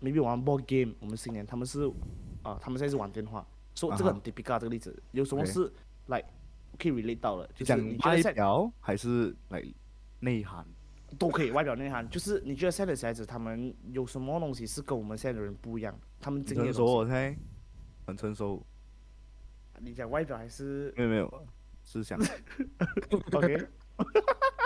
maybe 玩 board game，我們新年他們是，啊，他們現在是玩電話，所、so、以、uh -huh. 這個很 typical 這個例子，有什麼是來、like, 可以 relate 到的，就是你覺得你外表還是來內涵，都可以外表內涵，就是你覺得現在的小孩子他們有什麼東西是跟我們現在的人不一樣，他們成年咗，我睇，很成熟。Okay. 成熟你講外表還是？沒有沒有，思想，O K。 Okay .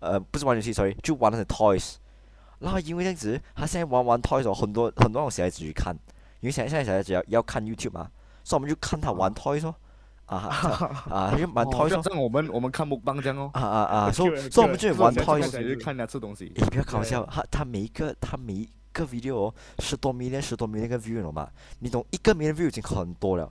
呃，不是玩遊戲，sorry，就玩那些 toys。那因為咁樣子，他現在玩玩 toys，哦、很多很多我小孩子去看，因為前一陣時仔仔要要看 YouTube 嘛，所以我們就看他玩 toys 哦。啊啊啊！啊啊啊就玩 toys 咯、哦。咁，我們我們看 Mukbang 咯。啊啊啊！所以所以我們就玩 toys，睇佢睇佢食東西。你不要搞笑，他他每一個他每一個 video 哦，十多 million 十多 million 個 view 咯嘛，你講一個 million view 已經很多了。